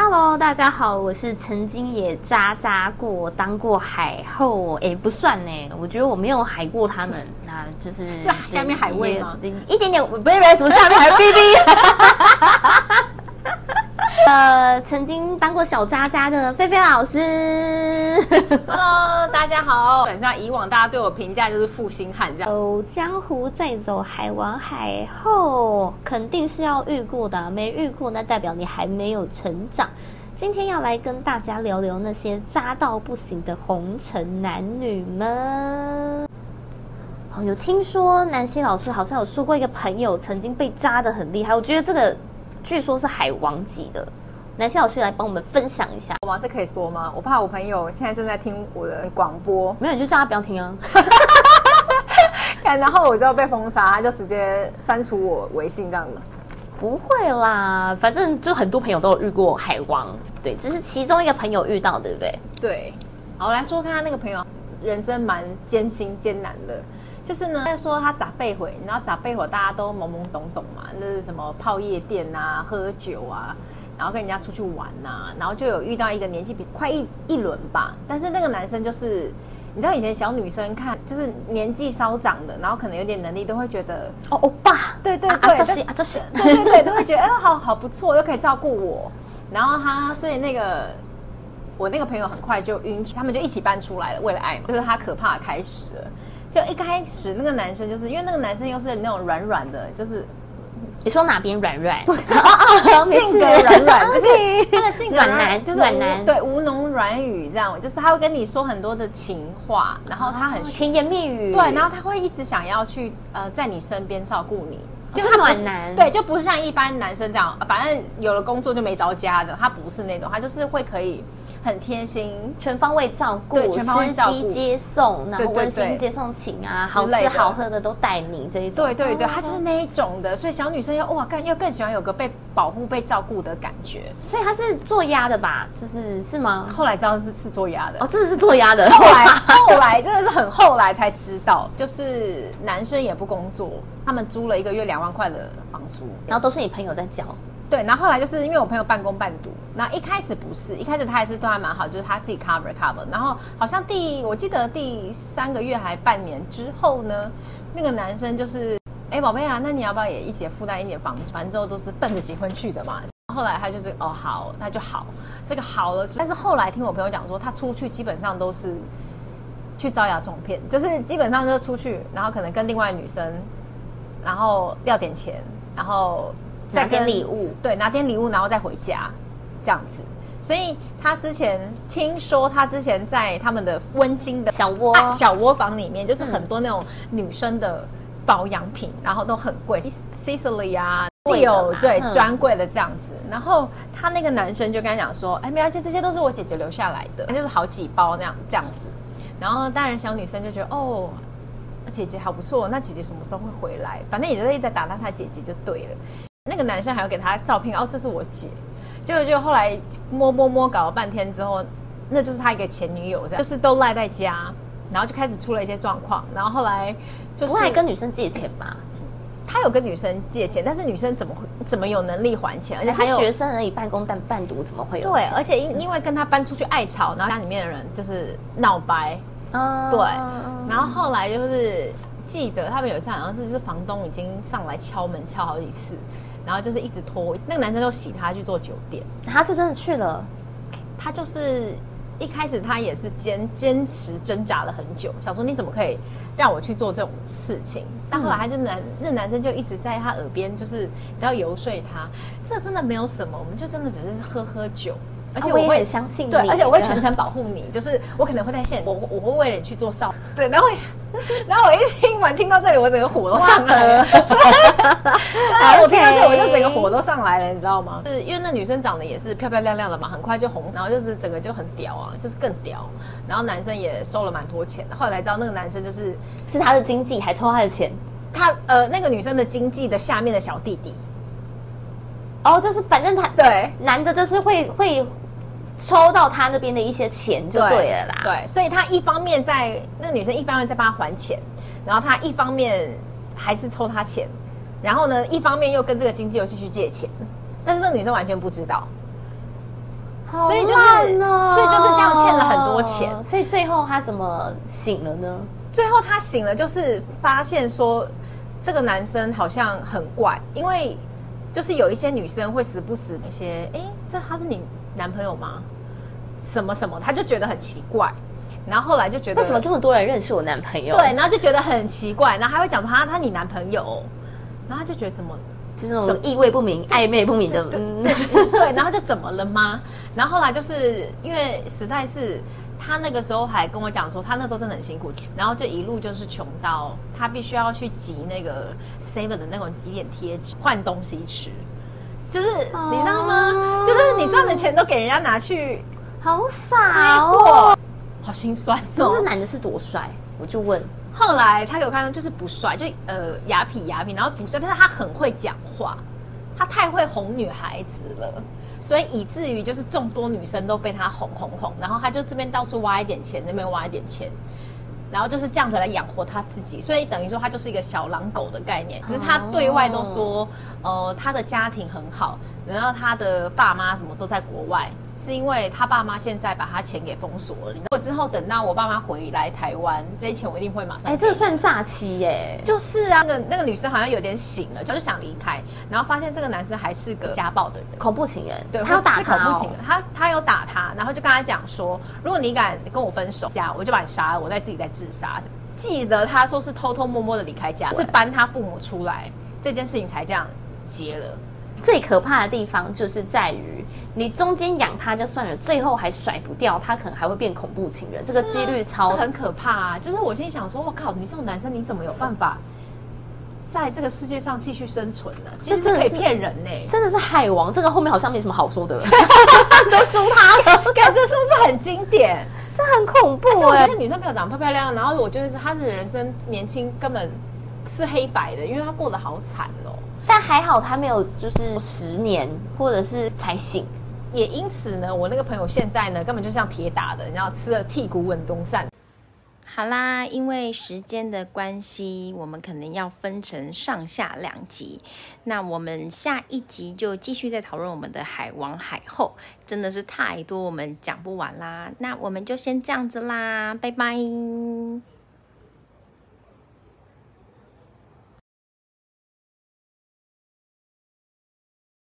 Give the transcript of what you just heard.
Hello，大家好，我是曾經也渣渣過、當過海後，哎、欸，不算呢，我覺得我沒有海過他們，那是、啊、就是，是吧對下面海味，對海味嗎？一點點，沒沒 為什麼下面還 BB。 呃，曾經當過小渣渣的菲菲老師，Hello，大家好。本上以往大家對我評價就是負心漢，走、oh, 江湖再走，海王海後，肯定是要遇過的、啊。沒遇過，那代表你還沒有成長。今天要來跟大家聊聊那些渣到不行的紅塵男女們。Oh, 有聽說南西老師好像有說過一個朋友曾經被渣得很厲害，我覺得這個。據說是海王級的，南西老師來幫我們分享一下。哇，這可以說嗎？我怕我朋友現在正在聽我的廣播，沒有，你就叫他不要聽啊。看， 然後我就被封殺，就直接刪除我微信這樣的。不會啦，反正就很多朋友都有遇過海王，對，只是其中一個朋友遇到，對不對？對。好，我來說看他那個朋友，人生蠻艱辛艱難的。就是呢，他說他咋被毀，你知道咋被毀？大家都懵懵懂懂嘛，那是什麼泡夜店啊、喝酒啊，然後跟人家出去玩啊，然後就有遇到一個年紀比快一一輪吧。但是那個男生就是，你知道以前小女生看就是年紀稍長的，然後可能有點能力，都會覺得哦，歐巴，對對對，這是這是，啊、這是 對對對，都會覺得哎呦，好好不錯，又可以照顧我。然後他，所以那個我那個朋友很快就暈，他們就一起搬出來了，為了愛嘛，就是他可怕的開始了。就一開始那個男生，就是因為那個男生又是那種軟軟的，就是你說哪邊軟軟？哦哦，就是、性格軟軟，不底是那個性格軟男男就是軟男男對，吳儂軟語，這樣，就是他會跟你說很多的情話，然後他很、哦、甜言蜜語，對，然後他會一直想要去呃在你身邊照顧你，就他是很軟、哦、對，就不是像一般男生這樣，反正有了工作就沒着家的，他不是那種，他就是會可以。很貼心全，全方位照顧，全方位接送，然後溫馨接送情啊，對對對，好吃好喝的都帶你這一種。對對對，他、oh、my，他就是那一種的，所以小女生要哇更要更喜歡有個被保護、被照顧的感覺。所以他是做鴨的吧？就是是嗎？後來知道是是做鴨的哦，這是做鴨的後，後來後來真的是很後來才知道，就是男生也不工作，他們租了一個月兩萬塊的房租，然後都是你朋友在交。對，然後後來就是因為我朋友半工半讀，那一開始不是，一開始他還是對他蠻好，就是他自己 cover cover，然後好像第我記得第三個月還半年之後呢，那個男生就是哎寶貝啊，那你要不要也一起負擔一點房租？反正之後都是奔着結婚去的嘛。後，後來他就是哦好，那就好這個好了，但是後來聽我朋友講說，他出去基本上都是去招搖撞騙，就是基本上就是出去，然後可能跟另外女生，然後要點錢，然後。再給禮物，對，拿點禮物，然後再回家，這樣子。所以他之前聽說，他之前在他們的溫馨的小窩、啊、小窩房裡面，就是很多那種女生的保養品，嗯、然後都很貴，Sisley 啊，會有對專櫃的這樣子。嗯、然後他那個男生就跟他講說：“哎，而且這些都是我姐姐留下來的，那就是好幾包那樣這樣子。”然後當然小女生就覺得：“哦，姐姐好不錯，那姐姐什麼時候會回來？反正也就在一直打到他姐姐就對了。”那個男生還有給他照片哦，這是我姐。結果就後來摸摸摸搞了半天之後，那就是他一個前女友。這樣就是都賴在家，然後就開始出了一些狀況。然後後來就是，他還跟女生借錢嘛，他有跟女生借錢，但是女生怎麼怎麼有能力還錢？而且他學生而已，半工但半工半半讀，怎麼會有？對，而且因因為跟他搬出去愛吵，然後家裡面的人就是鬧掰。嗯、啊，對。然後後來就是記得他們有一次好像是就是房東已經上來敲門敲好幾次。然後就是一直拖，那個男生就洗他去做酒店，他就真的去了。他就是一開始他也是堅堅持掙扎了很久，想說，你怎麼可以讓我去做這種事情。嗯、但後來他就男那個、男生就一直在他耳邊就是只要遊說他，嗯、這真的沒有什麼，我們就真的只是喝喝酒。而且我,會、啊、我也相信你，對，而且我會全程保護你，樣就是我可能會在線，我我會為了你去做哨， 對，然後， 然後我一聽完聽到這裡，我整個火都上來了，然後我聽到這裡，我就整個火都上來了，Okay. 你知道嗎？就是因為那女生長得也是漂漂亮亮的嘛，很快就紅，然後就是整個就很屌啊，就是更屌，然後男生也收了蠻多錢的，後來才知道那個男生就是是他的經紀還抽他的錢，嗯、他呃那個女生的經紀的下面的小弟弟。哦，就是反正他對男的，就是會會抽到他那邊的一些錢就對了啦。對,對，所以他一方面在那女生，一方面在幫他還錢，然後他一方面還是抽他錢，然後呢，一方面又跟這個經紀又繼續借錢，但是這個女生完全不知道，啊、所以就是所以就是這樣欠了很多錢，所以最後他怎麼醒了呢？最後他醒了，就是發現說這個男生好像很怪，因為。就是有一些女生會時不時那些，哎，這他是你男朋友嗎？什麼什麼，他就覺得很奇怪，然後後來就覺得為什麼這麼多人認識我男朋友？對，然後就覺得很奇怪，然後還會講說他他你男朋友，然後他就覺得怎麼？就是那種意味不明、曖、嗯、昧不明的，對、嗯、對，然後就怎麼了嗎？ 然後後來就是因為實在是，他那個時候還跟我講說，他那時候真的很辛苦，然後就一路就是窮到他必須要去集那個 Seven 的那種集點貼紙換東西吃，就是、哦、你知道嗎？就是你賺的錢都給人家拿去，好傻，哦。好心酸哦。你這男的是多帥？我就問。後來他給我看到就是不帥，就呃雅痞雅痞，然後不帥，但是他很會講話，他太會哄女孩子了，所以以至於就是眾多女生都被他哄哄哄，然後他就這邊到處挖一點錢，那邊挖一點錢。然後就是這樣子來養活他自己，所以等於說他就是一個小狼狗的概念。只是他對外都說，oh. 呃，他的家庭很好，然後他的爸媽什麼都在國外，是因為他爸媽現在把他錢給封鎖了。如果之後等到我爸媽回來台灣，這些錢我一定會馬上給他。哎、欸，這個、算詐欺耶！就是啊，那個那個女生好像有點醒了，就想離開，然後發現這個男生還是個家暴的人，恐怖情人，對，他打他、哦是是恐怖情人，他他有打他。然後就跟他講說，如果你敢跟我分手下我就把你殺了，我再自己再自殺。記得他說是偷偷摸摸的離開家，是搬他父母出來，這件事情才這樣結了。最可怕的地方就是在於，你中間養他就算了，最後還甩不掉，他可能還會變恐怖情人，這個幾率超很可怕啊！就是我心裡想說，我靠，你這種男生你怎麼有辦法？在這個世界上繼續生存呢，其實是可以騙人呢、欸。真的是海王，這個後面好像沒什麼好說的了， 都輸他了。我 感覺是不是很經典？這很恐怖哎、欸。我覺得女生朋友長漂漂亮亮，然後我覺得是她的人生年輕根本是黑白的，因為她過得好慘哦。但還好她沒有就是十年或者是才醒，也因此呢，我那個朋友現在呢根本就像鐵打的，你知道吃了剔骨穩東散。好啦，因為時間的關係，我們可能要分成上下兩集。那我們下一集就繼續再討論我們的海王、海後，真的是太多，我們講不完啦。那我們就先這樣子啦，拜拜。